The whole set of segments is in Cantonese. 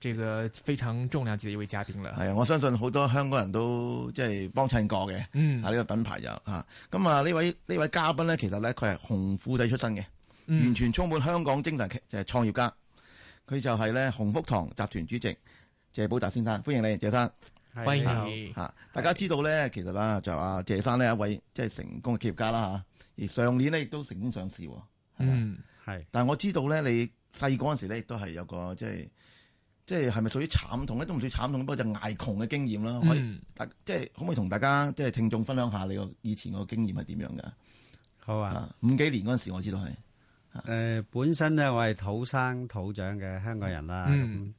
這個非常重量級嘅一位嘉賓啦，係啊！我相信好多香港人都即係幫襯過嘅。嗯，啊呢個品牌有吓咁啊呢位呢位嘉賓咧，其實咧佢係紅褲仔出身嘅，嗯、完全充滿香港精神，就係創業家。佢就係咧鴻福堂集團主席謝寶達先生，歡迎你，謝生，歡迎吓大家知道咧，其實啦就阿謝生咧一位即係成功嘅企業家啦吓，而上年咧亦都成功上市。嗯，係。但係我知道咧，你細個嗰陣時咧，亦都係有個即係。即係係咪屬於慘痛咧？都唔算慘痛，不過就捱窮嘅經驗啦。嗯、可以，即係可唔可以同大家，即係聽眾分享下你個以前個經驗係點樣㗎？好啊，五幾年嗰陣時我知道係誒、呃、本身咧，我係土生土長嘅香港人啦。咁誒、嗯，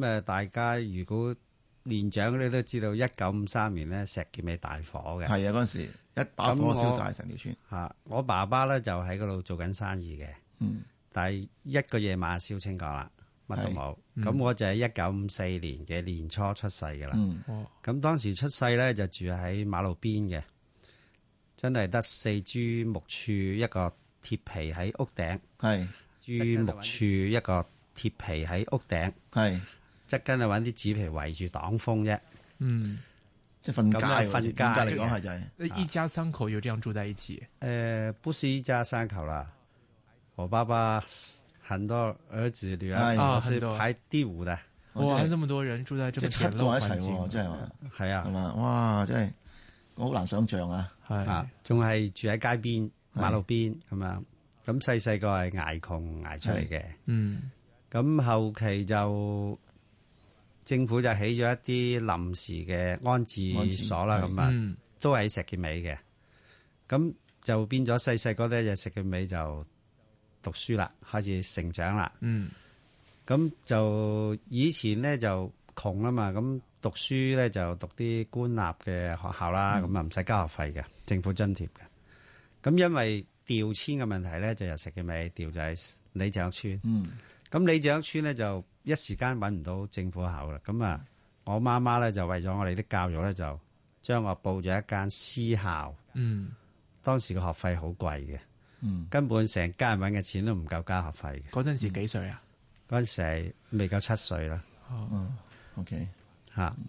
嗯、大家如果年長嗰啲都知道年呢，一九五三年咧石硤尾大火嘅。係啊，嗰陣時一把火燒晒成我條村，啊。我爸爸咧就喺嗰度做緊生意嘅。嗯，但係一個夜晚燒清乾啦。乜都冇，咁、嗯、我就係一九五四年嘅年初出世噶啦。咁、嗯、當時出世咧就住喺馬路邊嘅，真係得四株木柱一個鐵皮喺屋頂，係是，株木柱、嗯、一個鐵皮喺屋頂，係是，即係跟住搵啲紙皮圍住擋風啫。嗯，即係瞓覺瞓覺嚟講係就係。一家三口就這樣住在一起？誒、啊，不是一家三口啦，我爸爸。很多兒子女兒，我係排第五的。哇！咁麼多人住在這麼簡陋嘅環境，真係係啊！哇！真係好難想象啊！是啊，仲係住喺街邊馬路邊咁是樣，咁細細個係挨窮挨出嚟嘅。嗯，咁後期就政府就起咗一啲臨時嘅安置所啦，咁啊，是樣嗯、都係喺石硤尾嘅。咁就變咗細細個咧就石硤尾就讀書啦，開始成長啦。嗯，咁就以前咧就窮啊嘛，咁讀書咧就讀啲官立嘅學校啦，咁啊唔使交學費嘅，政府津貼嘅。咁因為調遷嘅問題咧，就由石嘅尾調就係李井村。嗯，咁李井村咧就一時間揾唔到政府口啦。咁啊，我媽媽咧就為咗我哋啲教育咧，就將我報咗一間私校。嗯，當時個學費好貴嘅。嗯、根本成家人搵嘅錢都唔夠交學費嘅。嗰陣時幾歲啊？嗰陣、嗯、時係未夠七歲啦。哦，OK，吓、嗯，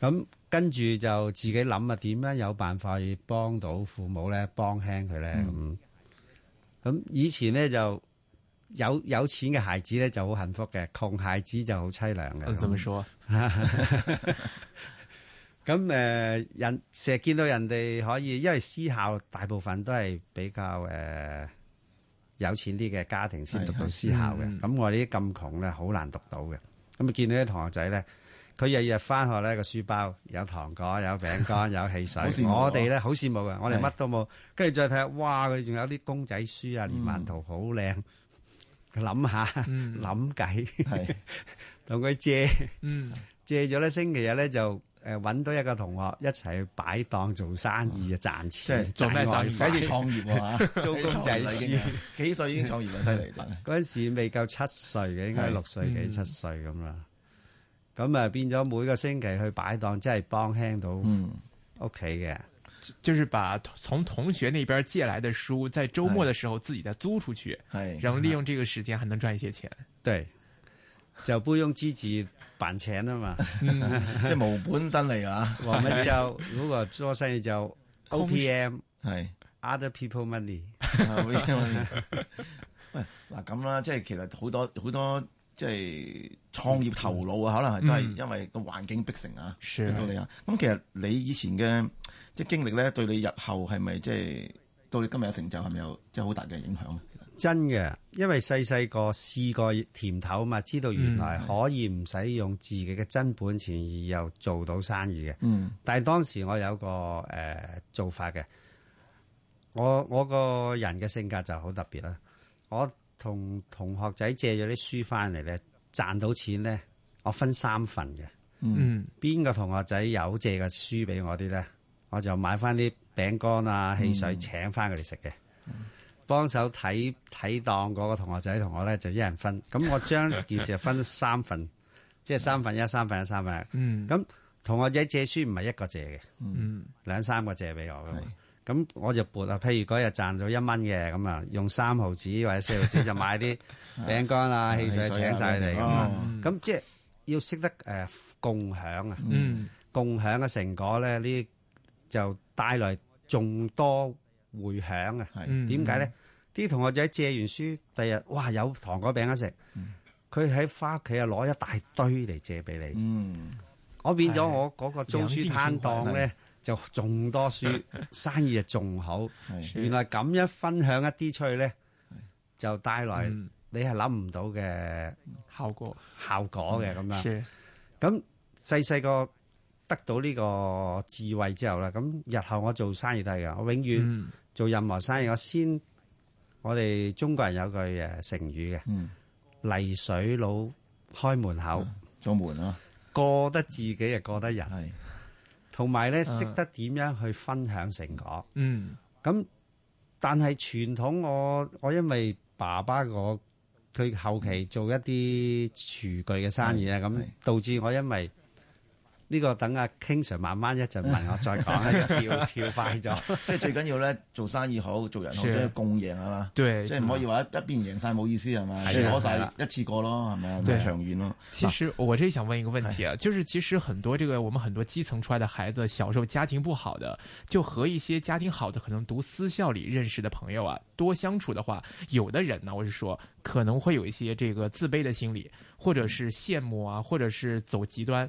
咁、啊、跟住就自己諗啊，點樣有辦法去幫到父母咧，幫輕佢咧咁。咁、嗯嗯、以前咧就有有錢嘅孩子咧就好幸福嘅，窮孩子就好淒涼嘅。怎麼說？ 咁誒人成日見到人哋可以，因為私校大部分都係比較誒有錢啲嘅家庭先讀到私校嘅。咁我哋啲咁窮咧，好難讀到嘅。咁啊，見到啲同學仔咧，佢日日返學咧，個書包有糖果、有餅乾、有汽水，我哋咧好羨慕嘅。我哋乜都冇，跟住再睇下，哇！佢仲有啲公仔書啊，連環圖好靚。佢諗下諗計，同佢借，借咗咧星期日咧就。誒，搵到一個同學一齊去擺檔做生意啊，賺錢。即係做咩生意？好似創業喎，做公發、啊、仔書， 幾歲已經創業啦？嗰陣 時未夠七歲嘅，應該六歲幾對七歲咁啦。咁啊，變咗每個星期去擺檔，真係幫輕到嗯。嗯，屋企嘅，就是把從同學那邊借來的書，在週末的時候自己再租出去，然後利用這個時間，還能賺一些錢。對，就不用積極扮請啊嘛，嗯、 即係無本身嚟啊。我咪就如果話，做生意就 O P M 係制的 Other People Money。 喂，嗱咁啦，即係其實好多好多即係創業頭腦啊，可能係真係因為個環境逼成啊，嗯、到你啊。咁，的其實你以前嘅即係經歷咧，對你日後係咪即係？到你今日嘅成就，係咪有即係好大嘅影響？真嘅，因為細細個試過甜頭啊嘛，知道原來可以唔使用，用自己嘅真本錢而又做到生意嘅。嗯，但係當時我有個誒、呃、做法嘅，我我個人嘅性格就好特別啦。我同同學仔借咗啲書翻嚟咧，賺到錢咧，我分三份嘅。嗯，邊個同學仔有借嘅書俾我啲咧？我就買翻啲餅乾啊、汽水請翻佢哋食嘅，嗯、幫手睇睇檔嗰個同學仔，同學咧就一人分咁。我將件事分三份， 即係三份一、三份一、三份一。咁、嗯、同學仔借書唔係一個借嘅，嗯、兩三個借俾我嘅。咁是我就撥啊。譬如嗰日賺咗一蚊嘅咁啊，用三毫子或者四毫子就買啲餅乾啊、 汽水請晒佢哋咁。咁即係要識得誒共享啊，共享嘅、嗯、成果咧呢？就帶來眾多迴響啊！點解咧？啲同學仔借完書，第日哇有糖果餅乾食，佢喺返屋企啊攞一大堆嚟借俾你。我變咗我嗰個租書攤檔咧，就仲多書生意啊，仲好。原來咁樣分享一啲出去咧，就帶來你係諗唔到嘅效果，效果嘅咁樣。咁細細個。得到呢個智慧之後啦，咁日後我做生意都係噶，我永遠做任何生意，嗯、我先我哋中國人有句誒成語嘅，嗯、泥水佬開門口，做、嗯、門咯，過得自己又過得人，係是，同埋咧識得點樣去分享成果，嗯，咁但係傳統我我因為爸爸我佢後期做一啲廚具嘅生意啊，咁導致我因為。呢個等阿 King Sir 慢慢一陣問我再講，跳跳快咗。即係最緊要咧，做生意好做人好，即係共贏係嘛，即係唔可以話一一邊贏晒冇意思係嘛，攞晒一次過咯係咪啊，長遠咯。其實我真係想問一個問題啊，就是其實很多這個我們很多基層出來的孩子，小時候家庭不好的，就和一些家庭好的可能讀私校裏認識的朋友啊，多相處的話，有的人呢，我是說可能會有一些這個自卑的心理，或者是羨慕啊，或者是走極端。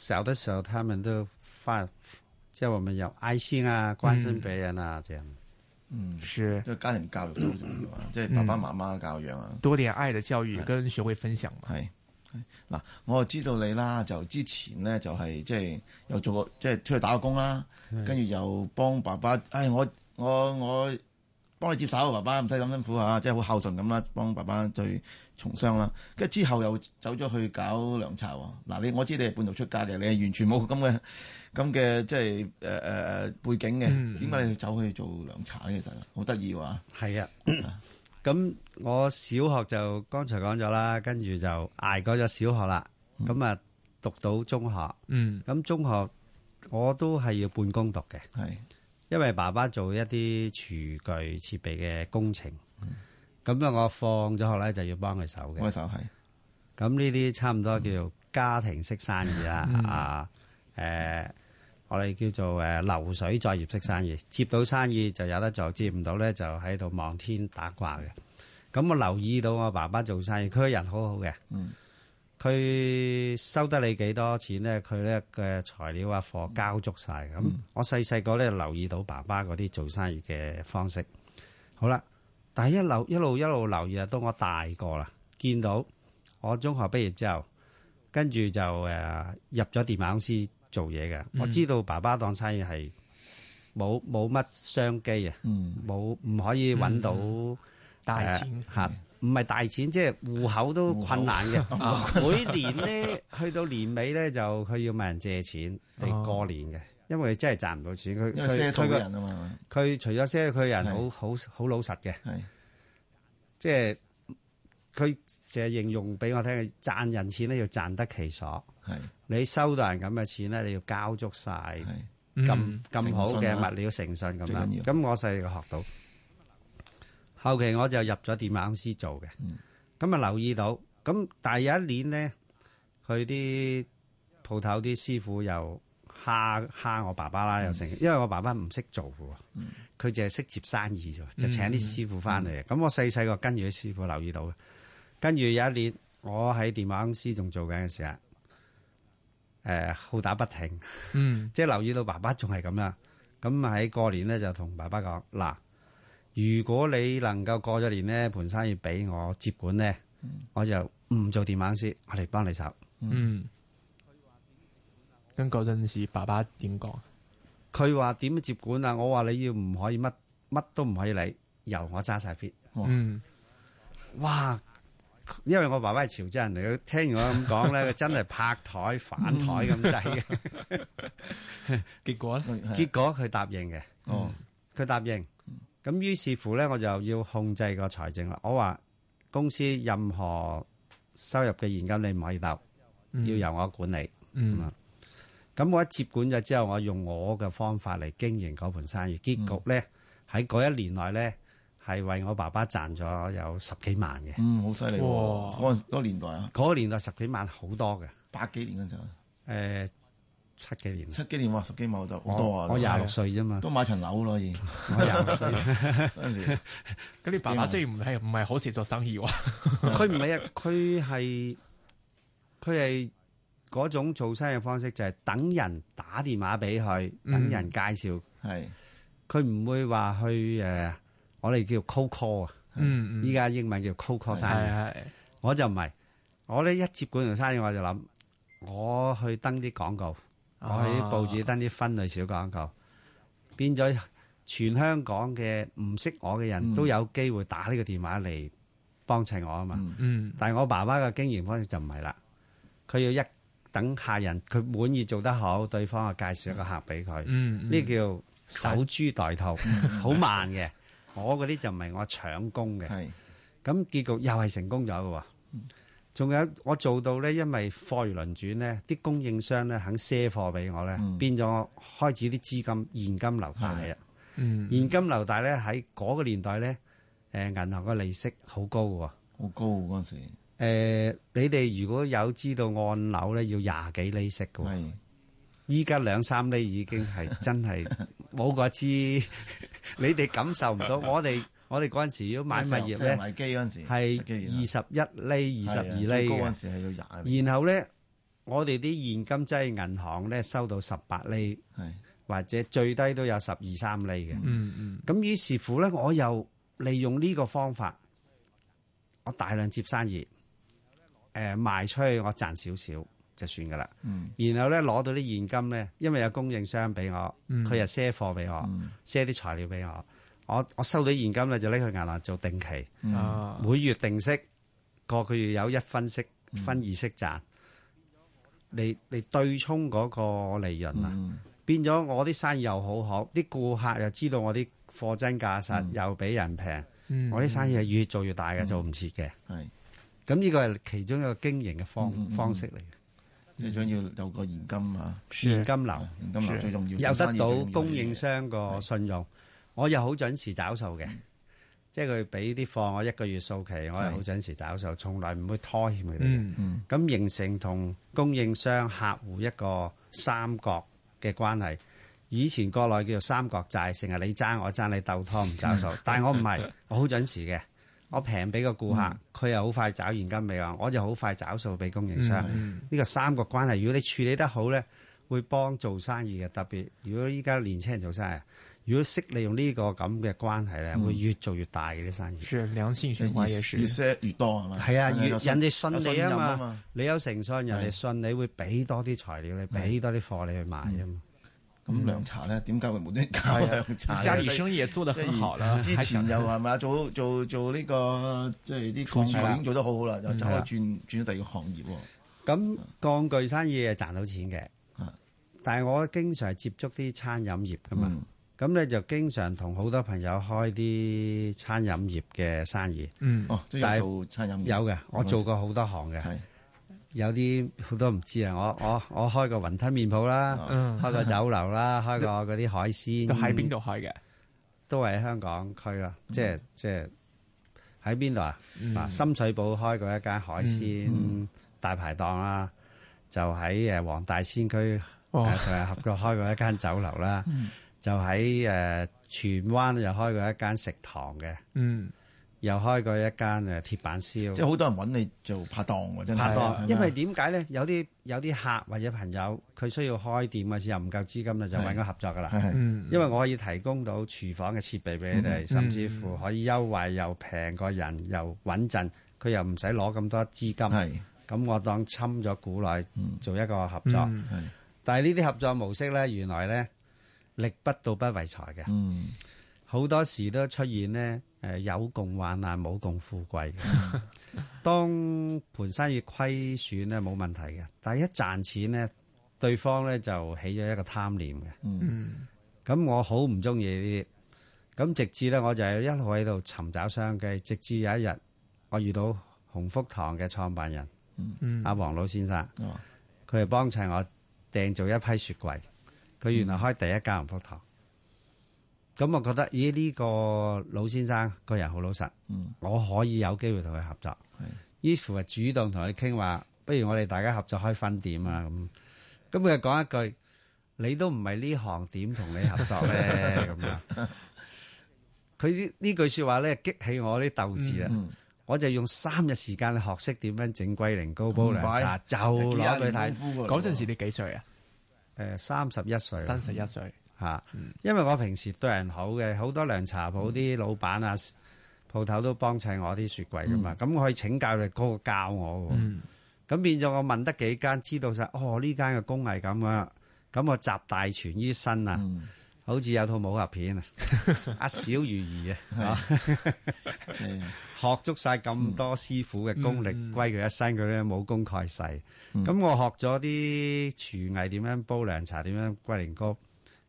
小的時候他們都發教我們有愛心啊，關心別人啊，嗯、這樣。嗯，是。即係家庭教育多啲咯，即係、嗯、爸爸媽媽教養啊。多點愛的教育，跟學會分享。係。嗱，我知道你啦，就之前呢就係即係又做過即係、就是、出去打工啦、啊，是跟住又幫爸爸，唉我我我。我我幫你接手，爸爸唔使咁辛苦吓，即係好孝順咁啦，幫爸爸再從商啦。跟住之後又走咗去搞涼茶喎。嗱，你我知你係半路出家嘅，你係完全冇咁嘅咁嘅即係誒誒誒背景嘅，點解你走去做涼茶咧？其實好得意喎。係啊，咁我小學就剛才講咗啦，跟住就捱過咗小學啦，咁啊讀到中學，咁中學我都係要半工讀嘅。係。因為爸爸做一啲廚具設備嘅工程，咁、嗯、我放咗學咧就要幫佢手嘅，幫手係。咁呢啲差唔多叫做家庭式生意啦，嗯、啊，誒、呃，我哋叫做誒流水作業式生意，接到生意就有得做，接唔到咧就喺度望天打卦嘅。咁我留意到我爸爸做生意，佢人好好嘅。嗯佢收得你幾多錢咧？佢咧嘅材料啊，貨交足晒。咁、嗯、我細細個咧留意到爸爸嗰啲做生意嘅方式。好啦，但係一路一路一路留意啊，到我大個啦，見到我中學畢業之後，跟住就誒入咗電話公司做嘢嘅。嗯、我知道爸爸當生意係冇冇乜商機啊，冇唔、嗯、可以揾到、嗯嗯、大錢嚇。呃客唔係大錢，即係戶口都困難嘅。每年咧，去到年尾咧就佢要問人借錢嚟過年嘅，因為真係賺唔到錢。佢佢佢除咗識佢人好好好老實嘅，係即係佢成日形容俾我聽，賺人錢咧要賺得其所。係你收到人咁嘅錢咧，你要交足晒咁咁好嘅物料誠信咁樣。咁我細個學到。後期我就入咗電話公司做嘅，咁啊、嗯、留意到，咁但係有一年咧，佢啲鋪頭啲師傅又蝦蝦我爸爸啦，又成、嗯，因為我爸爸唔識做嘅，佢淨係識接生意啫，就請啲師傅翻嚟嘅。咁、嗯嗯、我細細個跟住啲師傅留意到嘅，跟住有一年我喺電話公司仲做緊嘅時候，誒、呃、好打不停，即係、嗯、 留意到爸爸仲係咁啦。咁喺過年咧就同爸爸講嗱。如果你能夠過咗年呢盤生意俾我接管咧、嗯，我就唔做電版師，我嚟幫你手。嗯，咁嗰陣時，爸爸點講？佢話點接管啊？我話你要唔可以乜乜都唔可以理，由我揸晒 fit。嗯，哇！因為我爸爸係潮州人嚟，佢聽完我咁講咧，佢 真係拍台反台咁滯嘅。 結果結果佢答應嘅。哦、嗯，佢答應。咁於是乎咧，我就要控制個財政啦。我話公司任何收入嘅現金，你唔可以投，要由我管理。咁、嗯、我一接管咗之後，我用我嘅方法嚟經營嗰盤生意。結局咧，喺嗰一年內咧，係為我爸爸賺咗有十幾萬嘅。好犀利。喎、啊！嗰哇年代啊，嗰年代十幾萬好多嘅。百幾年嘅就誒。呃七幾,七幾年，七幾年十幾萬就好多啊！我廿六歲啫嘛，都買層樓咯。已廿六歲嗰陣時，嗰啲 爸爸真係唔係唔係好識做生意哇？佢唔係啊，佢係佢係嗰種做生意嘅方式就係、是、等人打電話俾佢，等人介紹係。佢唔、嗯、會話去誒、呃，我哋叫 cold call 啊。嗯依家英文叫 cold call 生意。嗯嗯我就唔係我咧。一接管樣生意，我就諗我去登啲廣告。我喺報紙登啲分類小廣告，啊、變咗全香港嘅唔識我嘅人都有機會打呢個電話嚟幫襯我啊嘛。嗯嗯、但係我爸爸嘅經營方式就唔係啦，佢要一等客人佢滿意做得好，對方啊介紹一個客俾佢。呢、嗯嗯、叫守株待兔，好他慢嘅。 我嗰啲就唔係我搶工嘅。咁是結局又係成功咗嘅。嗯仲有我做到咧，因為貨如輪轉咧，啲供應商咧肯賒貨俾我咧，嗯、變咗開始啲資金現金流大啦。嗯、現金流大咧，喺嗰個年代咧，銀行個利息好高喎。好高嗰陣時。呃、你哋如果有知道按樓咧要廿幾厘息喎。依家的兩三厘已經係真係冇個資， 你哋感受唔到我哋。我哋嗰陣時要買物業咧，買機嗰陣時、係二十一厘、二十二厘。然後咧，我哋啲現金擠銀行咧，收到十八厘，的或者最低都有十二三厘嘅、嗯。嗯嗯。咁於是乎咧，我又利用呢個方法，我大量接生意，誒、呃、賣出去我賺少少就算噶啦。嗯、然後咧攞到啲現金咧，因為有供應商俾我，佢又賒貨俾我，賒啲、嗯、材料俾我。我我收到現金咧，就拎去銀行做定期，每月定息，個個月有一分息，分二息賺，你你對沖嗰個利潤啊！變咗我啲生意又好，好啲顧客又知道我啲貨真價實，又俾人平，我啲生意係越做越大嘅，做唔切嘅。係，咁呢個係其中一個經營嘅方方式嚟嘅，即係要有個現金啊，現金流，現金流最重要，有得到供應商個信用。我又好準時找數嘅，嗯、即係佢俾啲貨我一個月數期，我又好準時找數，從來唔會拖欠佢哋。咁、嗯嗯、形成同供應商、客戶一個三角嘅關係。以前國內叫做三角債，成日你爭我爭你鬥拖唔找數。 但係我唔係，我好準時嘅。我平俾個顧客，佢又好快找現金未啊，我就好快找數俾供應商。呢、嗯、個三角關係，如果你處理得好咧，會幫做生意嘅。特別如果依家年輕人做生意，如果識利用呢個咁嘅關係咧，會越做越大嘅啲生意。良性循環越越蝕越多啊！係啊，越人哋信你啊嘛。你有誠信，人哋信你會俾多啲材料，你俾多啲貨你去賣啊嘛。咁涼茶咧，點解會無端端搞涼茶？傢俬生意做得好好啦。之前又係咪？做做做呢個即係啲鋼具已經做得好好啦，就就可以轉轉第二個行業。咁鋼具生意係賺到錢嘅，但係我經常係接觸啲餐飲業噶嘛。咁咧就經常同好多朋友開啲餐飲業嘅生意。嗯，哦，做餐飲業。有嘅，我做過好多行嘅。是有啲好多唔知啊！我我我，我開過雲吞麵鋪啦，開個酒樓啦，開個嗰啲海鮮。嗯嗯嗯、都喺邊度開嘅？都係喺香港區啦，即係即係喺邊度啊？嗱、嗯，深水埗開過一間海鮮、嗯嗯、大排檔啦，就喺誒黃大仙區，同埋、哦啊、合約開過一間酒樓啦。嗯嗯就喺誒、呃、荃灣又開過一間食堂嘅，嗯，又開過一間誒鐵板燒，即係好多人揾你做拍檔喎，真係拍檔。因為點解咧？有啲有啲客或者朋友佢需要開店啊，又唔夠資金啦，就揾我合作噶啦。因為我可以提供到廚房嘅設備俾你哋，嗯、甚至乎可以優惠又平過人，又穩陣，佢、嗯、又唔使攞咁多資金。係咁的，我當侵咗股內，做一個合作。嗯嗯、但係呢啲合作模式咧，原來咧。力不到不為財嘅，好、嗯、多時都出現呢誒有共患難，冇共富貴。 當盤生意虧損咧冇問題嘅，但係一賺錢咧，對方咧就起咗一個貪念嘅。咁、嗯、我好唔中意呢啲。咁直至咧，我就係一路喺度尋找商機。直至有一日，我遇到鴻福堂嘅創辦人，阿黃、嗯、老先生，佢係幫襯我訂做一批雪櫃。佢原來開第一間鴻福堂，咁、嗯、我覺得，咦呢、呢個老先生個人好老實，嗯、我可以有機會同佢合作。是的於是主動同佢傾話，不如我哋大家合作開分店啊！咁，咁佢就講一句：你都唔係呢行，點同你合作咧？咁樣，佢 呢呢句說話咧，激起我啲鬥志啊！嗯嗯、我就用三日時間學識點樣整龜苓膏煲涼茶，嗯、就攞佢睇。嗰陣時你幾歲啊？誒，三十一歲，三十一歲吓，嗯、因為我平時對人好嘅，好多涼茶鋪啲、嗯、老闆啊，鋪頭都幫襯我啲雪櫃噶嘛，咁我、嗯、可以請教你個教我，咁、嗯、變咗我問得幾間，知道晒哦呢間嘅工藝咁啊，咁我集大全於身啊，嗯、好似有套武俠片 啊，阿小魚兒 的啊。的 學足晒咁多師傅嘅功力歸，歸佢一身，佢咧武功蓋世。咁、嗯、我學咗啲廚藝，點樣煲涼茶龜糕，點樣龜苓膏，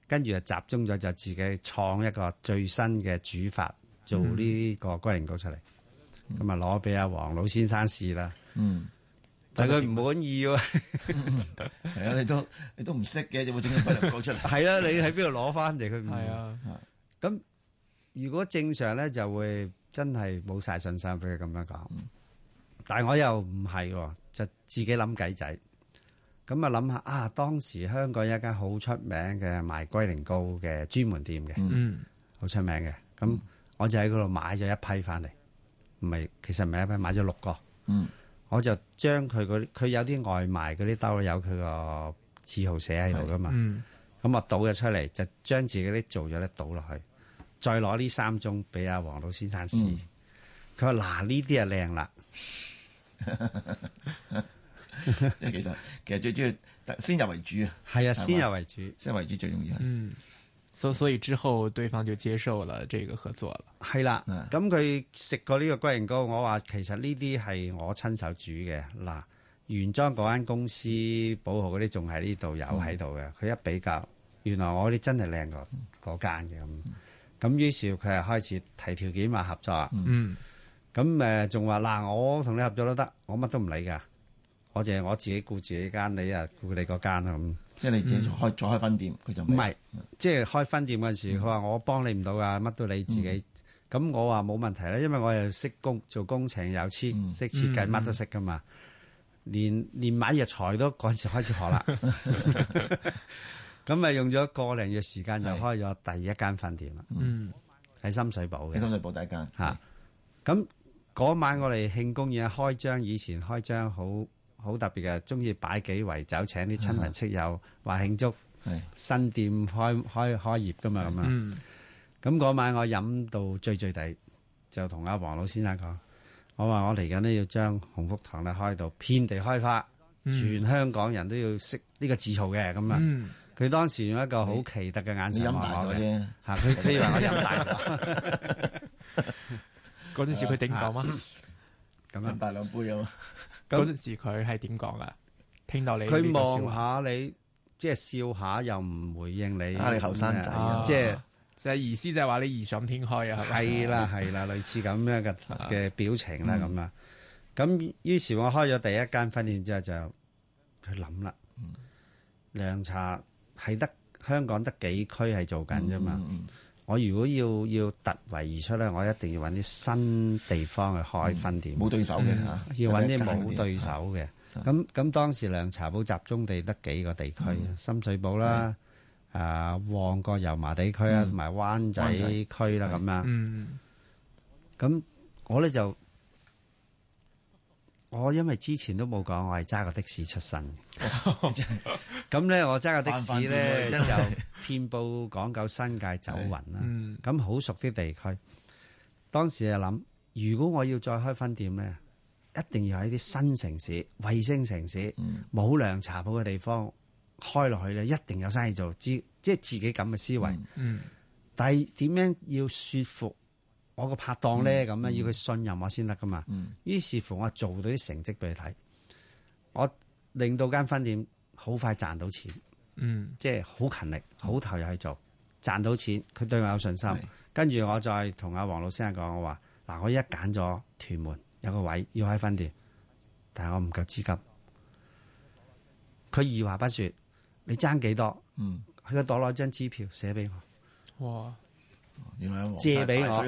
跟住就集中咗就自己創一個最新嘅煮法，做呢個龜苓膏出嚟。咁啊攞俾阿黃老先生試啦。嗯，但佢唔滿意喎。係啊，你都你都唔識嘅，你有冇整到龜苓膏出嚟？係 啊，你喺邊度攞翻嚟？佢唔係啊。咁如果正常咧，就會。真係冇晒信心，俾佢咁樣講。但係我又唔係，就自己諗計仔。咁啊諗下啊，當時香港有一間好出名嘅賣龜苓膏嘅專門店嘅，嗯、好出名嘅。咁我就喺嗰度買咗一批翻嚟，唔係，其實唔係一批，買咗六個。嗯、我就將佢嗰，佢有啲外賣嗰啲兜有佢個字號寫喺度噶嘛。咁啊、嗯、倒咗出嚟，就將自己啲做咗咧倒落去。再攞呢三盅俾阿黃老先生試，佢話嗱呢啲啊靚啦。其實其實最主要先入為主啊，係啊先入為主，先入為主最容易。嗯，所所以之後對方就接受了這個合作。係啦，咁佢食過呢個龜苓膏，我話其實呢啲係我親手煮嘅。嗱，原裝嗰間公司保號嗰啲仲喺呢度有喺度嘅，佢一比較，原來我啲真係靚過嗰間嘅咁。咁於是佢係開始提條件話合作，咁誒仲話嗱我同你合作都得，我乜都唔理噶，我就係我自己顧自己間，你啊顧你嗰間咁，即係、嗯、你自己開再開分店佢就唔係，即係開分店嗰時佢話、嗯、我幫你唔到噶，乜都你自己，咁、嗯、我話冇問題啦，因為我又識工做工程又設識設計乜都識噶嘛，連連買藥材都嗰時開始學啦。 咁咪用咗個零月時間就開咗第一間分店啦。嗯，喺深水埗嘅。深水埗第一間吓。咁嗰、啊、晚我哋慶功，宴開開張，以前開張好好特別嘅，中意擺幾圍酒，請啲親朋戚友話慶祝新店開、嗯、開開，開業噶嘛咁啊。咁嗰、嗯、晚我飲到醉醉地，就同阿黃老先生講：我話我嚟緊呢，要將鴻福堂咧開到遍地開花，嗯、全香港人都要識呢個字號嘅咁啊。佢當時用一個好奇特嘅眼神話我嘅啫，嚇佢佢話我飲大，嗰陣時佢點講嗎？咁樣大兩杯啊嘛！嗰陣時佢係點講啊？聽到你佢望下你，即係笑下又唔回應你。嚇你後生仔，即係意思就係話你異想天開啊？係啦係啦，類似咁樣嘅嘅表情啦咁啦咁於是，我開咗第一間分店之後就去諗啦，涼茶。係得香港得幾區係做緊啫嘛？嗯、我如果要要突圍而出咧，我一定要揾啲新地方去開分店。冇、嗯、對手嘅，嗯、要揾啲冇對手嘅。咁咁當時涼茶鋪集中地得幾個地區，嗯、深水埗啦，的啊旺角油麻地區啊，同埋、嗯、灣仔區啦咁樣。嗯嗯。咁我咧就。我因為之前都冇講，我係揸個的士出身嘅。咁咧，我揸個的士咧 就遍布港九 新界走勻啦。咁好、嗯、熟啲地區，當時就諗，如果我要再開分店咧，一定要喺啲新城市、衛星城市、冇涼、嗯、茶鋪嘅地方開落去咧，一定有生意做。即係自己咁嘅思維。嗯嗯、但係點樣要說服？我個拍檔咧，咁樣，要佢信任我先得噶嘛。於、嗯、是乎我做到啲成績俾佢睇。嗯、我令到間分店好快賺到錢，嗯，即係好勤力，好投入去做，賺、嗯、到錢，佢對我有信心，跟住、嗯、我再同阿黃老師講我話，嗱，我一揀咗屯門有一個位要開分店，但係我唔夠資金，佢二話不說，你爭幾多少？嗯，喺個袋攞張支票寫俾我，哇！原來借俾我，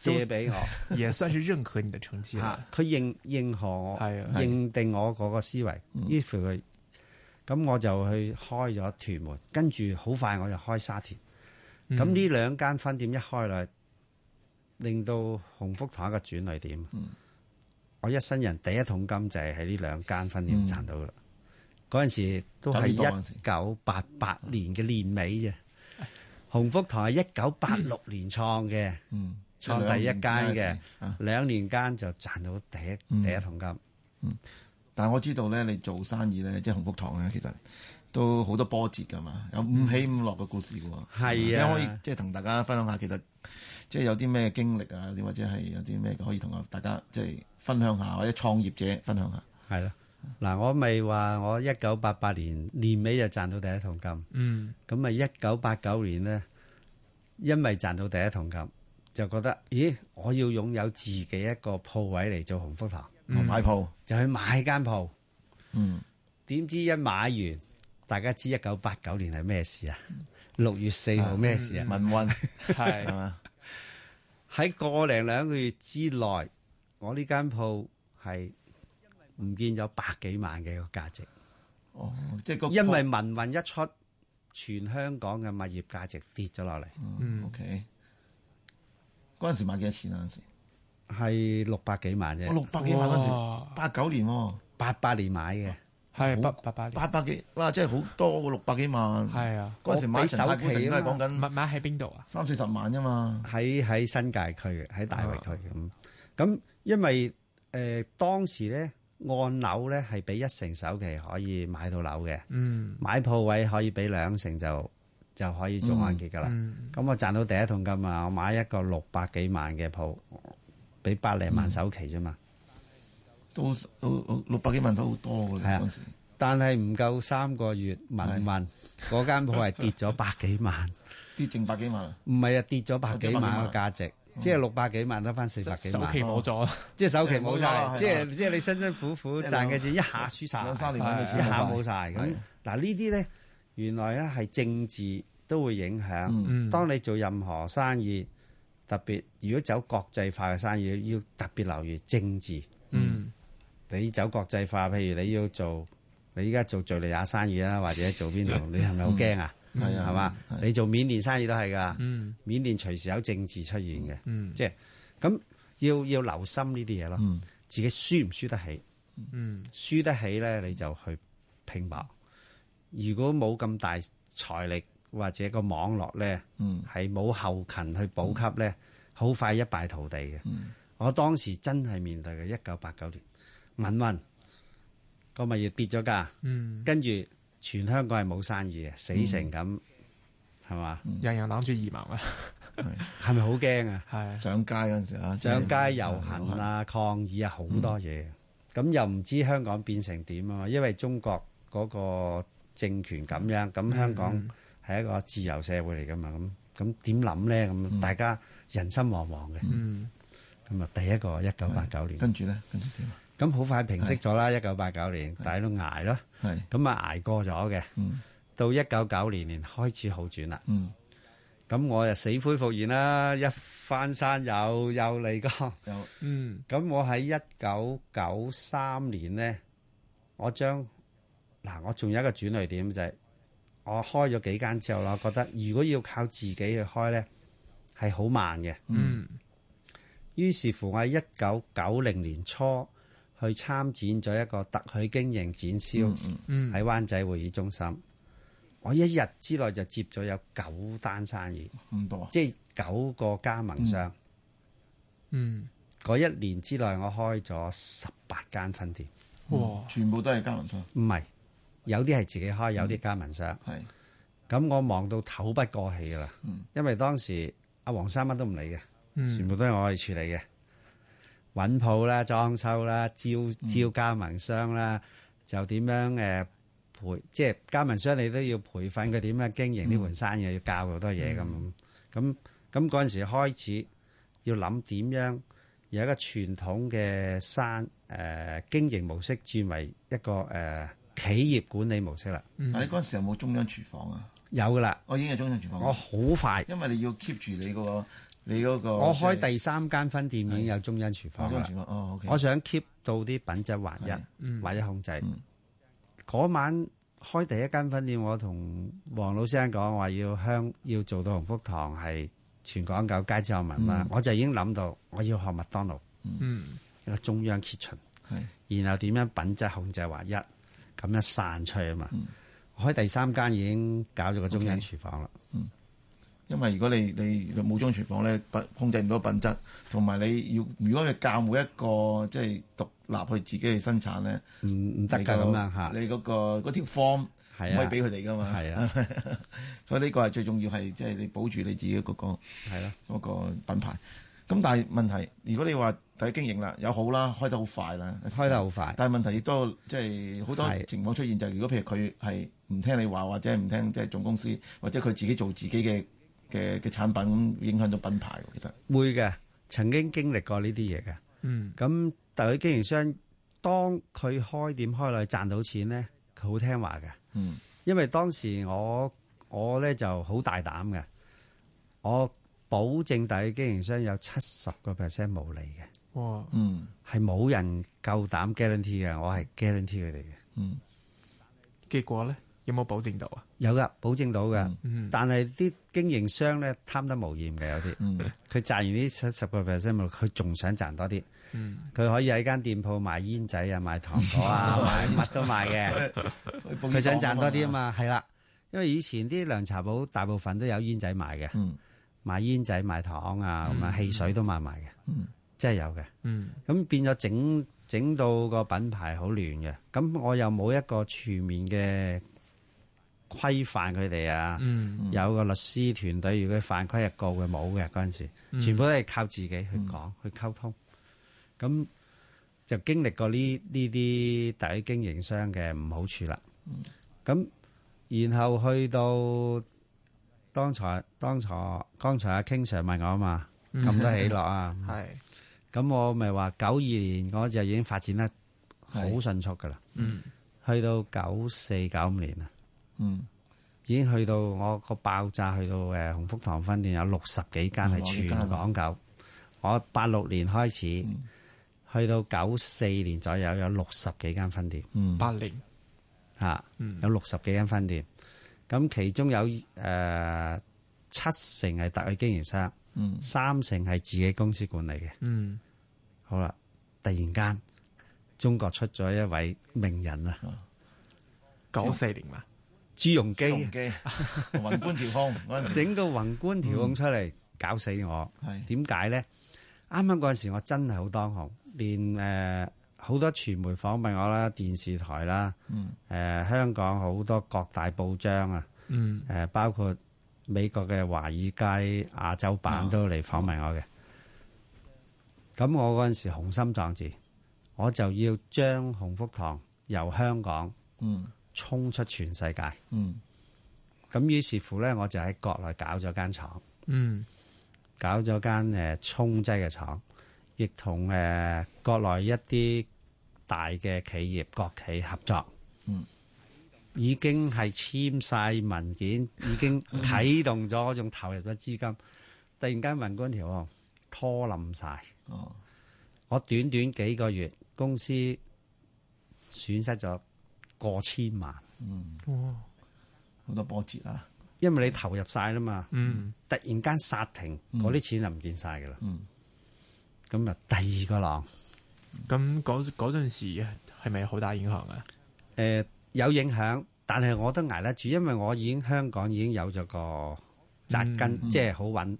水借俾我，也算是認可你嘅成績啦。佢認認可我， 認定我嗰個思維，依隨佢。咁我就去開咗屯門，跟住好快我就開沙田。咁呢、嗯、兩間分店一開咧，令到鴻福堂一個轉捩點。嗯、我一生人第一桶金就係喺呢兩間分店賺到啦。嗰陣、嗯、時候都係一九八八年嘅年尾啫。嗯嗯鴻福堂係一九八六年創嘅，創、嗯、第一間嘅，兩、嗯啊、年間就賺到第一、嗯、第一桶金。嗯、但係我知道咧，你做生意咧，即係鴻福堂咧，其實都好多波折噶嘛，有五起五落嘅故事嘅。係、嗯、吧啊，你可以即係同大家分享一下，其實即係有啲咩經歷啊，或者係有啲咩可以同大家即係分享一下，或者創業者分享一下。係咯、啊。嗱，我咪話我一九八八年年尾就賺到第一桶金，咁咪一九八九年咧，因為賺到第一桶金，就覺得咦，我要擁有自己一個鋪位嚟做鴻福堂，買鋪、嗯、就去買間鋪，點、嗯、知一買完，大家知一九八九年係咩事啊？六月四號咩事啊？文運係嘛？喺 嗎個零兩個月之內，我呢間鋪係。唔見咗百幾萬嘅一個價值哦，即係因為民運一出，全香港嘅物業價值跌咗落嚟。嗯，OK 嗰陣時買幾多錢啊？陣時係六百幾萬啫、哦。六百幾萬嗰陣時八九年喎，哦、八八年買嘅係是很八八八年八百幾哇，啊，即係好多喎，六百幾萬係啊。嗰陣時買首期都係講緊買喺邊度啊？三四十萬啫嘛，喺喺新界區喺大圍區咁咁，啊，因為誒、呃、當時咧。按樓咧係俾一成首期可以買到樓嘅，嗯、買鋪位可以俾兩成就就可以做按揭噶啦。咁、嗯嗯、我賺到第一桶金啊！我買一個六百幾萬嘅鋪，俾百零萬首期啫嘛、嗯。都，都六百幾萬都好多嘅。係啊，但係唔夠三個月，問是問嗰間鋪係跌咗百幾萬，跌 剩百幾萬唔係啊，跌咗百幾萬嘅價值。即係六百幾萬得翻四百幾萬，首期冇咗，即係首期冇晒，即係即係你辛辛苦苦賺嘅錢一下輸曬，三年冇到錢，一下冇晒。咁。嗱呢啲咧，原來咧係政治都會影響。當你做任何生意，特別如果走國際化嘅生意，要特別留意政治。你走國際化，譬如你要做，你依家做敘利亞生意啦，或者做邊度，你係咪好驚啊？係啊，係嘛？你做緬甸生意都係噶緬甸隨時有政治出現嘅，即係咁要要留心呢啲嘢咯。自己輸唔輸得起？輸得起咧，你就去拼搏。如果冇咁大財力或者個網絡咧，係冇後勤去補給咧，好快一敗塗地嘅。我當時真係面對嘅一九八九年，文運個物業跌咗㗎，跟住。全香港係冇生意嘅，死成咁，係嘛？人人攬住移民啊，係咪好驚啊？係，上街嗰陣時啊，上街遊行啊、抗議啊，好多嘢。咁又唔知香港變成點啊？因為中國嗰個政權咁樣，咁香港係一個自由社會嚟噶嘛？咁咁點諗咧？咁大家人心惶惶嘅。咁啊，第一個一九八九年，跟住咧，跟住點啊？咁好快平息咗啦！一九八九年，大家都挨咯，咁啊挨過咗嘅。到一九九零年開始好轉啦。咁我就死灰復燃啦，一翻山又又利哥。有，咁我喺一九九三年咧，我將嗱，我仲有一個轉捩點就係我開咗幾間之後啦，我覺得如果要靠自己去開咧，係好慢嘅。於是乎，我喺一九九零年初。去參展咗一個特許經營展銷，喺灣仔會議中心。嗯嗯、我一日之內就接咗有九單生意，唔多，即係九個加盟商。嗯，嗰一年之內我開咗十八間分店，哇、哦！全部都係加盟商，唔係有啲係自己開，有啲加盟商。係、嗯，咁我忙到透不過氣㗎啦。嗯，因為當時阿黃生乜都唔理嘅，全部都係我嚟處理嘅。嗯嗯揾鋪啦、裝修啦、招招加盟商啦，嗯、就點樣誒培、呃？即係加盟商你都要培訓佢點樣經營呢盤生意，嗯、要教好多嘢咁。咁咁嗰陣時開始要諗點樣有一個傳統嘅山誒、呃、經營模式轉為一個誒、呃、企業管理模式啦。嗯、但係你嗰陣時有冇中央廚房啊？有噶啦，我已經有中央廚房喇。我好快，因為你要 keep 住你個。你嗰個我開第三間分店已經有中央廚房啦。哦的，我想 keep 到啲品質環一，或的一控制。嗰、嗯、晚開第一間分店，我同黃老師講話要香，要做到鴻福堂係全港九街之後聞嘛，嗯、我就已經諗到我要學麥當勞，嗯、一個中央 kitchen，然後點樣品質控制環一，咁樣散出去啊嘛。嗯、開第三間已經搞咗個中央廚房啦。因為如果你你冇裝廚房咧，控制唔到品質，同埋你要如果你教每一個即係獨立去自己去生產咧，唔唔得㗎咁樣嚇。你嗰、那個嗰條 form 唔、啊、可以俾佢哋㗎嘛。啊、是吧 所以呢個係最重要係，即、就、係、是、你保住你自己嗰、那個嗰、啊、品牌。咁但係問題，如果你話喺經營啦，有好啦，開得好快啦，開得好快。但係問題亦都即係好多情況出現、就是，就係如果譬如佢係唔聽你話，或者唔聽即係總公司，或者佢自己做自己嘅。嘅嘅產品咁影響咗品牌，其實會嘅，曾經經歷過呢啲嘢嘅。嗯，咁特許經營商，當佢開店開嚟賺到錢咧，佢好聽話嘅。嗯，因為當時我我咧就好大膽嘅，我保證特許經營商有七十個 percent 毛利嘅。哇，嗯，係冇人夠膽 guarantee 嘅，我係 guarantee 佢哋嘅。嗯，結果咧？有冇保證到啊？有噶，保證到噶。但係啲經營商咧，貪得無厭嘅，有啲，佢賺完啲七十個 percent 佢仲想賺多啲。佢可以喺間店鋪賣煙仔啊，賣糖果啊，賣乜都賣嘅。佢想賺多啲啊嘛，係啦。因為以前啲涼茶鋪大部分都有煙仔賣嘅，賣煙仔賣糖啊，咁啊汽水都賣埋嘅，真係有嘅。咁變咗整整到個品牌好亂嘅。咁我又冇一個全面嘅。規範佢哋啊，嗯嗯、有個律師團隊，如果犯規日告佢冇嘅。嗰陣時全部都係靠自己去講、嗯、去溝通。咁就經歷過呢呢啲第一經營商嘅唔好處啦。咁、嗯、然後去到當初當初，剛才阿、啊、King Sir 問我啊嘛，咁、嗯、多起落啊，係、嗯，咁我咪話九二年我就已經發展得好迅速噶啦，嗯、去到九四九五年啊。嗯，已經去到我個爆炸去到誒，呃、鴻福堂分店有六十幾間係全港九，嗯嗯、我八六年開始、嗯、去到九四年左右，有六十幾間分店。八零吓，是嗯、有六十幾間分店。咁其中有誒、呃、七成係特許經營商，嗯、三成係自己公司管理嘅。嗯，好啦，突然間中國出咗一位名人啦。九四、啊、年嘛。朱鎔基，整個宏觀調控出嚟，搞死我。點解咧？啱啱嗰陣時，我真係好當紅，連誒好多傳媒訪問我啦，電視台啦，誒香港好多各大報章啊，誒包括美國嘅華爾街亞洲版都嚟訪問我嘅。咁我嗰陣時雄心壯志，我就要將鴻福堂由香港，衝出全世界，咁於、嗯、是乎咧，我就喺國內搞咗間廠，嗯、搞咗間誒沖劑嘅廠，亦同誒、呃、國內一啲大嘅企業國企合作，嗯、已經係簽晒文件，已經啟動咗，仲投入咗資金，嗯、突然間運官條案拖冧晒，哦、我短短幾個月公司損失咗。過千萬，嗯，哇，好多波折啊！因為你投入晒啦嘛，嗯，突然間殺停，嗰啲錢就唔見晒㗎啦，嗯，咁啊第二個浪，咁嗰嗰陣時係咪好大影響啊？誒、呃，有影響，但係我都捱得住，因為我已經香港已經有咗個扎根，即係好穩。嗯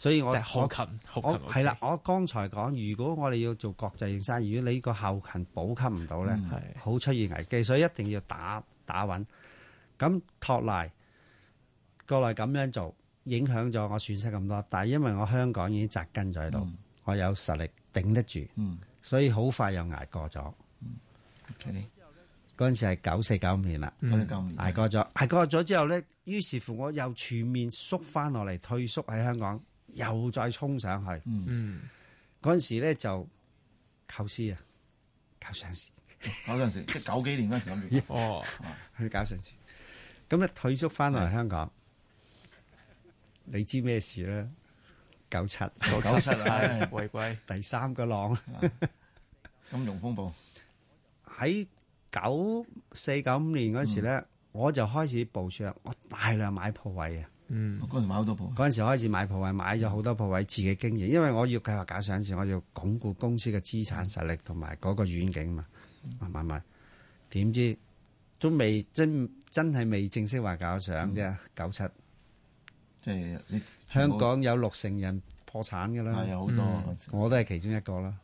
所以我係啦，我剛才講，如果我哋要做國際性生意，如果你呢個後勤補給唔到咧，好出現危機，所以一定要打打穩。咁託賴國內咁樣做，影響咗我損失咁多，但係因為我香港已經扎根咗喺度，我有實力頂得住，所以好快又捱過咗。嗰陣時係九四九五年啦，捱過咗，捱過咗之後咧，於是乎我又全面縮翻落嚟，退縮喺香港。又再衝上去，嗰陣時咧就構思啊，搞上市，搞上市，即係，九幾年嗰陣時諗住哦，去搞上市，咁咧退縮翻嚟香港，你知咩事咧？九七九七係貴貴，第三個浪金融風暴喺九四九五年嗰時咧，我就開始部署，我大量買鋪位。嗯，嗰陣時買好多鋪，嗰陣時開始買鋪位，買咗好多鋪位自己經營，因為我要計劃搞上市，我要鞏固公司嘅資產實力同埋嗰個遠景嘛，買買點知都未真真係未正式話搞上市啫，九七，即係香港有六成人破產嘅啦，好多，我都係其中一個啦，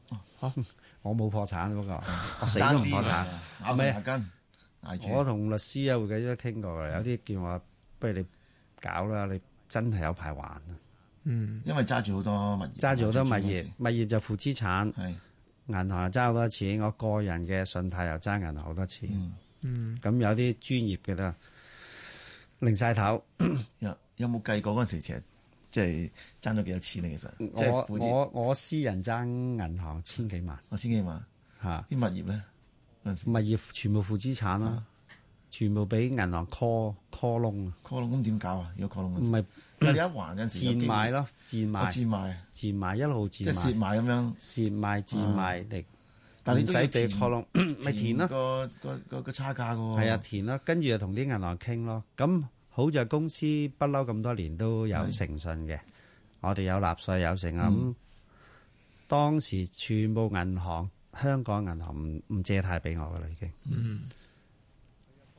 我冇破產嗰個，我死都唔破產，我同律師啊會計都傾過嘅，有啲叫我不如你。搞啦！你真係有排玩。嗯，因為揸住好多物業，揸住好多物業，物業就負資產。係銀行又揸好多錢，我個人嘅信貸又揸銀行好多錢。嗯，咁有啲專業嘅啦，擰晒頭。有有冇計過嗰時，即係爭咗幾多錢呢？其實我我我私人爭銀行千幾萬，我千幾萬吓。啲物業咧，物業全部負資產啦。全部俾銀行 call call 窿，call 窿，咁點搞啊？要 call 窿唔係你一還嗰陣時，賤賣咯，賤賣，賤賣，一路賤賣即係蝕賣咁樣，蝕賣賤賣嚟，但係你唔使俾 call 窿，咪填咯，個個個個差價喎。係啊，填咯，跟住就同啲銀行傾咯。咁好在公司不嬲咁多年都有誠信嘅，我哋有納稅有剩咁。當時全部銀行香港銀行唔唔借貸俾我噶啦，已經。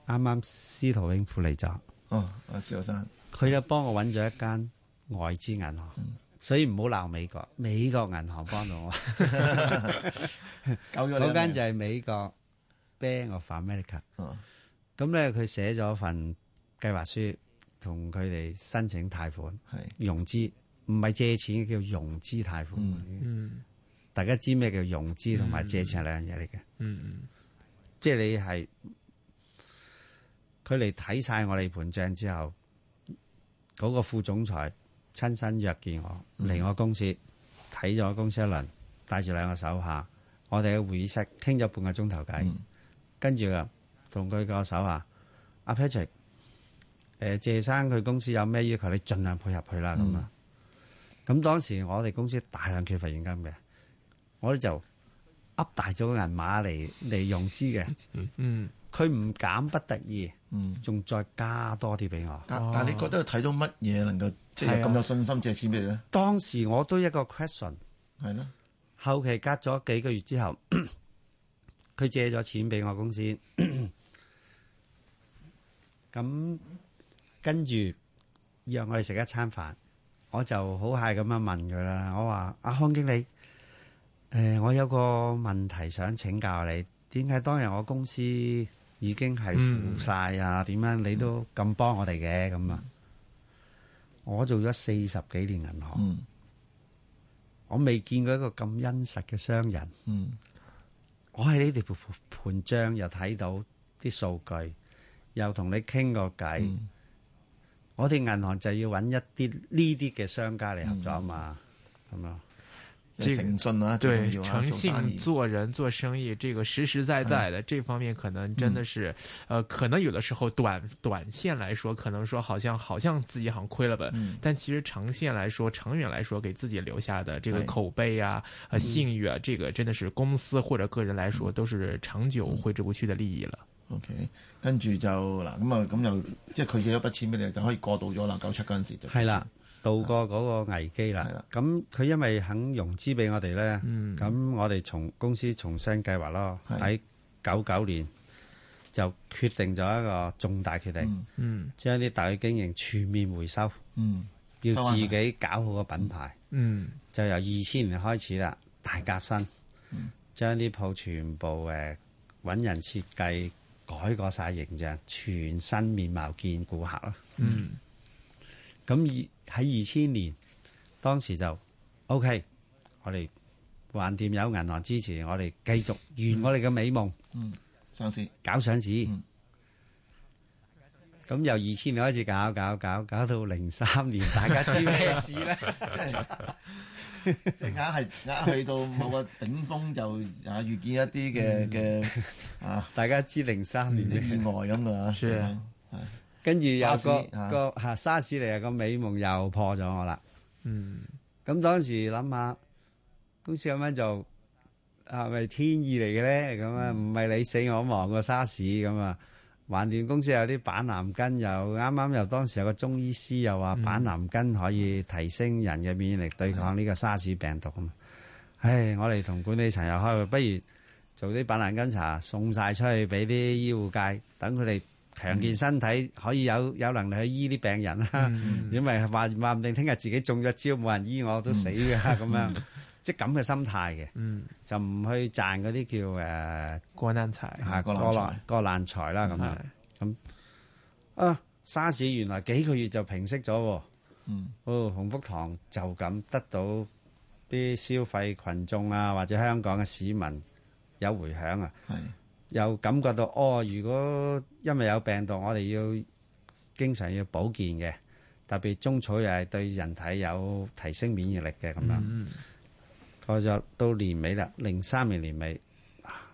啱啱司徒永富嚟咗，哦，阿、啊、小生，佢就幫我揾咗一間外資銀行，嗯、所以唔好鬧美國，美國銀行幫到我，嗰間 就係美國 Bank of America、哦。咁咧，佢寫咗份計劃書，同佢哋申請貸款，融資，唔係借錢，叫融資貸款嗯。嗯，大家知咩叫融資同埋借錢係兩樣嘢嚟嘅。嗯嗯，即係你係。佢嚟睇晒我哋盤帳之後，嗰、那個副總裁親身約見我，嚟我公司睇咗公司一輪，帶住兩個手下，我哋嘅會議室傾咗半個鐘頭偈，跟住啊，同佢個手下阿、嗯啊、Patrick，、呃、謝生佢公司有咩要求，你盡量配合佢啦咁啊。咁、嗯、當時我哋公司大量缺乏現金嘅，我哋就噏大咗個銀碼嚟嚟融資嘅。嗯。嗯佢唔減不得已，嗯，仲再加多啲俾我但。但係你覺得佢睇到乜嘢能夠、哦、即係咁有信心借錢俾你咧？當時我都一個 question 係的後期隔咗幾個月之後，佢 借咗錢俾我公司。咁 跟住讓我哋食一餐飯，我就好蟹咁樣問佢啦。我話：阿、啊、康經理、呃，我有個問題想請教你，點解當日我公司？已經係付晒啊？點樣、嗯、你都咁幫我哋嘅？咁啊！我做咗四十幾年銀行，嗯、我未見過一個咁殷實嘅商人。嗯、我喺呢度盤盤賬又睇到啲數據，又同你傾過偈。嗯、我哋銀行就要揾一啲呢啲嘅商家嚟合作啊嘛，咁啊、嗯。這個對誠信做人做生意，這個實實在在的這方面，可能真的是，呃，可能有的時候短短線來說，可能說好像好像自己好像虧了本，但其實長線來說、長遠來說，給自己留下的這個口碑啊、啊信譽啊，這個真的是公司或者個人來說，都是長久揮之不去的利益了。OK，跟住就嗱，咁啊，咁又即係佢借咗筆錢俾你，就可以過渡咗啦，九七嗰陣時就係啦。渡過嗰個危機啦，咁佢的因為肯融資俾我哋呢，咁、嗯、我哋從公司重新計劃咯，喺九九年就決定咗一個重大決定，嗯嗯、將啲大宇經營全面回收，嗯、要自己搞好個品牌，嗯、就由二千年開始啦，大革新，嗯、將啲鋪全部誒揾、啊、人設計改過晒形象，全新面貌見顧客咯。嗯咁而喺二千年，當時就 OK，我哋橫掂有銀行支持，我哋繼續圓我哋嘅美夢。嗯，上市，搞上市。嗯。咁由二千年開始搞搞搞搞到零三年，大家知咩事咧？即係啱係啱去到某個頂峰，就啊遇見一啲嘅嘅啊，大家知零三年嘅意外咁啊。跟住有個個吓沙士嚟啊個美夢又破咗我啦。嗯，咁當時諗下公司咁樣做係咪天意嚟嘅咧？咁啊唔係你死我亡個沙士咁啊。橫掂，公司有啲板藍根，又啱啱又當時有個中醫師又話板藍根可以提升人嘅免疫力，對抗呢個沙士病毒啊嘛。唉，我哋同管理層又開會，不如做啲板藍根茶送晒出去俾啲醫護界，等佢哋。強健身體可以有有能力去醫啲病人啦，因為話話唔定聽日自己中咗招，冇人醫我都死㗎，咁樣，即係咁嘅心態嘅，就唔去賺嗰啲叫誒國難財，係國難國難財啦咁樣。咁啊，沙士原來幾個月就平息咗，嗯哦鴻福堂就咁得到啲消費群眾啊或者香港嘅市民有回響啊。又感覺到哦，如果因為有病毒，我哋要經常要保健嘅，特別中草藥係對人體有提升免疫力嘅咁、嗯、樣。嗯嗯。過咗到年尾啦，零三年年尾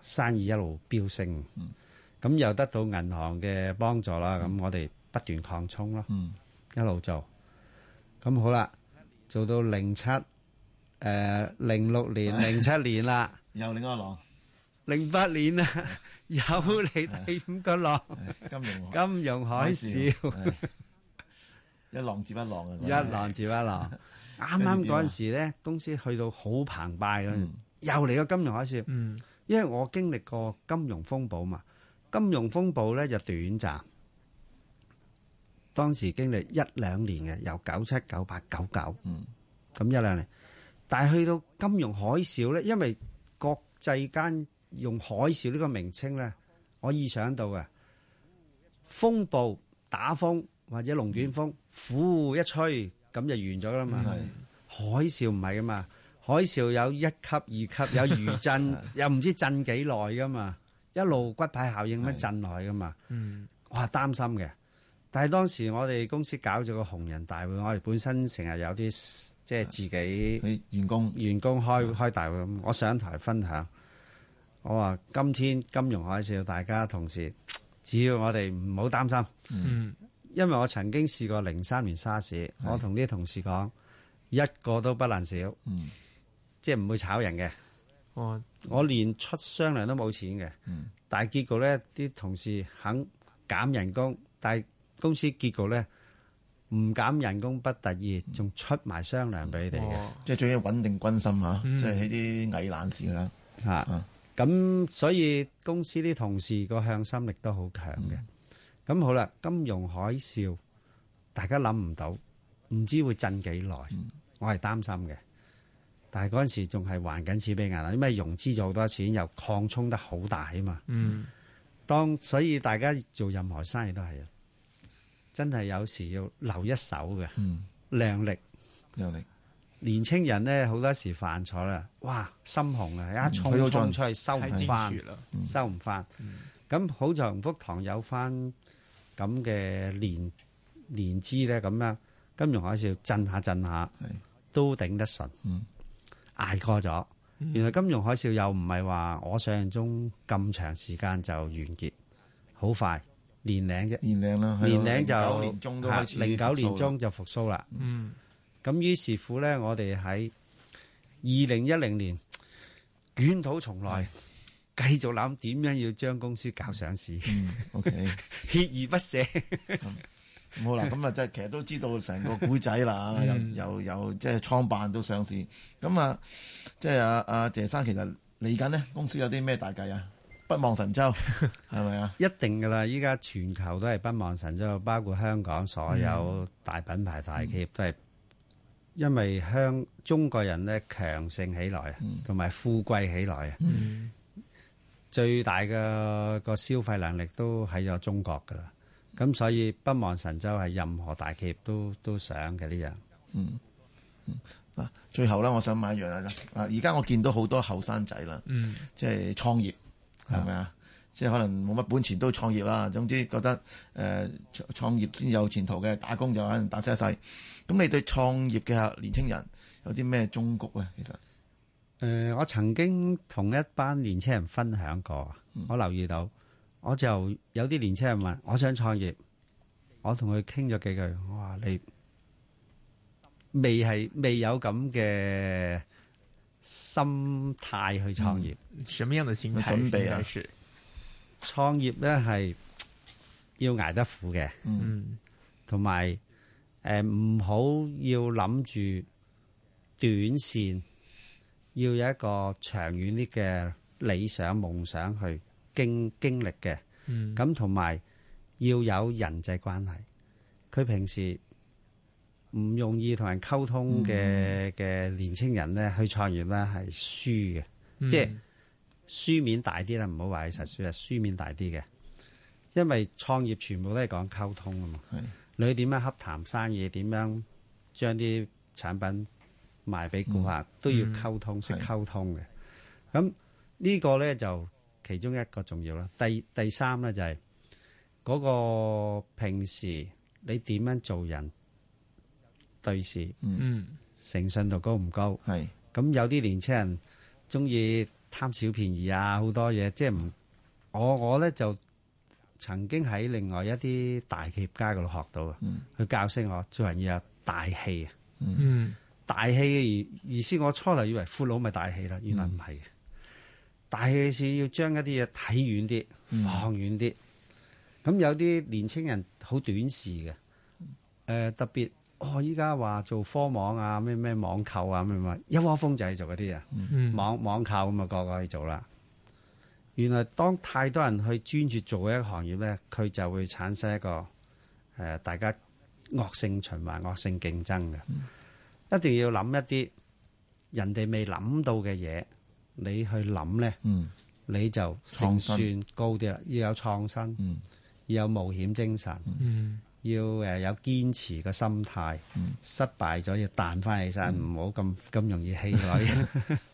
生意一路飆升，咁、嗯、又得到銀行嘅幫助啦，咁、嗯、我哋不斷擴充咯，嗯、一路做。咁好啦，做到零七誒零六年、零七唉年啦。又另一個浪。零八年啊，又嚟第五個浪，金融海，金融海嘯一浪接一浪嘅，一浪接一浪。啱啱嗰陣時咧，公司去到好澎湃嘅，又嚟個金融海嘯。嗯，因為我經歷過金融風暴嘛，金融風暴咧就短暫，當時經歷一兩年嘅，由九七九八九九嗯咁一兩年，但係去到金融海嘯咧，因為國際間。用海嘯呢個名稱咧，我意想得到嘅風暴，打風或者龍捲風，呼一吹咁就完咗啦嘛。海嘯唔係噶嘛，海嘯有一級、二級，有餘震，又唔知震幾耐噶嘛，一路骨牌效應乜震耐噶嘛。我係擔心嘅，但係當時我哋公司搞咗個紅人大會，我哋本身成日有啲即係自己員工員工開開大會，我上台分享。我話、哦：今天金融海嘯，大家同事只要我哋唔好擔心，嗯、因為我曾經試過零三年沙士是，我同啲同事講一個都不能少，嗯、即係唔會炒人嘅。我、哦、我連出雙糧都冇錢嘅，嗯、但係結局咧，啲同事肯減人工，但係公司結局咧唔減人工不特止，仲出埋雙糧俾你哋嘅，哦、即係最緊穩定軍心嚇，嗯、即係喺啲危難事啦嚇。嗯嗯。咁所以公司啲同事個向心力都、嗯、好強嘅。咁好啦，金融海嘯，大家諗唔到，唔知會震幾耐。我係擔心嘅。但係嗰陣時仲係還緊錢畀銀啦，因為融資咗好多錢又擴充得好大啊嘛。嗯、當所以大家做任何生意都係啊，真係有時要留一手嘅，量力、嗯、量力。量力年青人咧好多時犯錯啦，哇，心紅啊，一衝，衝出去收唔翻，嗯嗯、收唔翻。咁、嗯、好在鴻福堂有翻咁嘅年年資咧，咁樣金融海嘯震下震下是都頂得順，嗯、捱過咗。嗯、原來金融海嘯又唔係話我想象中咁長時間就完結，好快年零啫，年零就09年零九、啊、年中就復甦啦。嗯咁於是乎咧，我哋喺二零一零年捲土重來，繼續諗點樣要將公司搞上市。嗯，O K，鍥而不捨、嗯、好啦。咁啊，即係其實都知道成個古仔啦。又又即係創辦到上市，咁啊，即係阿阿謝生，其實嚟緊呢，公司有啲咩大計啊？北望神州係咪啊？ 是是一定噶啦！依家全球都係北望神州，包括香港所有大品牌大企業、嗯、都係。因為香中國人咧強盛起來啊，同埋、嗯、富貴起來啊，嗯、最大嘅個消費能力都喺咗中國噶啦。咁、嗯、所以北望神州係任何大企業都都想嘅呢樣嗯。嗯，嗱，最後咧，我想問一樣啦。而家我見到好多後生仔啦，嗯、即係創業係咪啊？是即係可能冇乜本錢都創業啦。總之覺得誒、呃、創，創業先有前途嘅，打工就可能打死一世。咁你對創業嘅年青人有啲咩忠告咧？其實，誒，我曾經同一班年青人分享過，嗯、我留意到，我就有啲年青人問：我想創業，我同佢傾咗幾句，我話你未係未有咁嘅心態去創業，嗯，什麼樣嘅心態？準備啊，創業咧係要捱得苦嘅，嗯，同埋。誒，唔好，呃、要諗住短線，要有一個長遠啲嘅理想夢想去經經歷嘅。咁同埋要有人際關係。佢平時唔容易同人溝通嘅嘅、嗯、年青人咧，去創業咧係輸嘅，即係輸面大啲啦，唔好話係實書，係輸面大啲嘅。因為創業全部都係講溝通啊嘛。你點樣洽談生意？點樣將啲產品賣俾顧客，嗯、都要溝通，識、嗯、溝通嘅。咁的、這個、呢個咧就其中一個重要啦。第第三咧就係、是、嗰個平時你點樣做人對事，嗯，誠信度高唔高？係的。咁有啲年青人鍾意貪小便宜啊，好多嘢，即係唔我我咧就。曾經喺另外一啲大企業家嗰度學到嘅，佢、嗯、教識我做人要有大氣啊！嗯、大氣嘅意思，我初頭以為富佬咪大氣啦，原來唔係嘅。嗯、大氣是要將一啲嘢睇遠啲、放遠啲。咁、嗯、有啲年青人好短視嘅，誒、呃、特別，哦依家話做科網啊，咩咩網購啊，咩咩一窩蜂，蜂就係做嗰啲啊，嗯、網網購咁啊，個個可以做啦。原來當太多人去專注做一個行業咧，佢就會產生一個誒、呃，大家惡性循環、惡性競爭嘅。嗯、一定要諗一啲人哋未諗到嘅嘢，你去諗咧，嗯、你就勝算高啲啦。創新、要有創新，嗯、要有冒險精神，嗯、要誒有堅持嘅心態。嗯、失敗咗要彈翻起身，唔好咁咁容易氣餒。